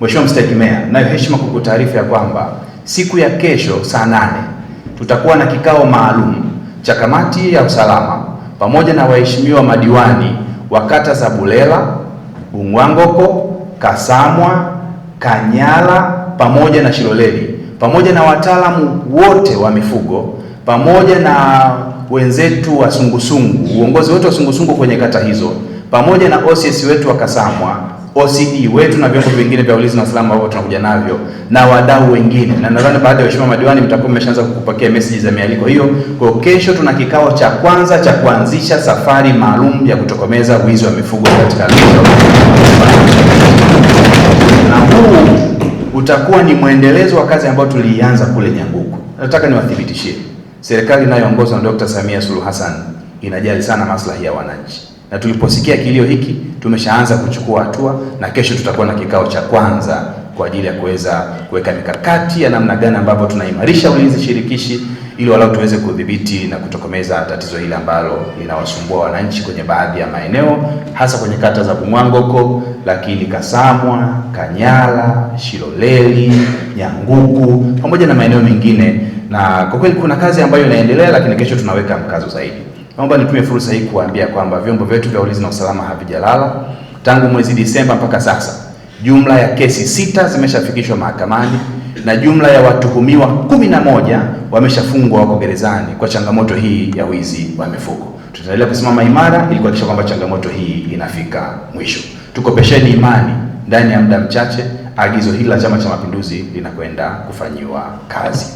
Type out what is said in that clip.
Mheshimiwa Mstahiki Meya, nayo heshima kukutaarifa ya kwamba siku ya kesho saa nane tutakuwa na kikao maalum cha kamati ya usalama pamoja na waheshimiwa madiwani wa kata za Bulela, Bung'wangoko, Kasamwa, Kanyala pamoja na Shiloleli pamoja na wataalamu wote wa mifugo pamoja na wenzetu wa sungusungu, uongozi wetu wa sungusungu kwenye kata hizo pamoja na OCS wetu wa Kasamwa OCD wetu na vyombo vingine vya ulinzi na usalama ambavyo tunakuja navyo na wadau wengine, na nadhani baada ya waheshimiwa madiwani mtakuwa mmeshaanza kupokea message za mialiko hiyo. Kwa kesho tuna kikao cha kwanza cha kuanzisha safari maalum ya kutokomeza wizi wa mifugo katika na huu utakuwa ni mwendelezo wa kazi ambayo tuliianza kule Nyanguku. Nataka niwathibitishie serikali inayoongozwa na Dr. Samia Suluhu Hassan inajali sana maslahi ya wananchi na tuliposikia kilio hiki tumeshaanza kuchukua hatua, na kesho tutakuwa na kikao cha kwanza kwa ajili ya kuweza kuweka mikakati ya namna gani ambavyo tunaimarisha ulinzi shirikishi ili walau tuweze kudhibiti na kutokomeza tatizo hili ambalo linawasumbua wananchi kwenye baadhi ya maeneo, hasa kwenye kata za Bumwango huko, lakini Kasamwa, Kanyala, Shiloleli, Nyanguku pamoja na maeneo mengine. Na kwa kweli kuna kazi ambayo inaendelea, lakini kesho tunaweka mkazo zaidi. Naomba nitumie fursa hii kuambia kwamba vyombo vyetu vya ulinzi na usalama havijalala. Tangu mwezi Disemba mpaka sasa, jumla ya kesi sita zimeshafikishwa mahakamani na jumla ya watuhumiwa kumi na moja wameshafungwa, wako gerezani kwa changamoto hii ya wizi wa mifugo. Tutaendelea kusimama imara ili kuhakikisha kwamba changamoto hii inafika mwisho. Tukopesheni imani, ndani ya muda mchache agizo hili la Chama cha Mapinduzi linakwenda kufanyiwa kazi.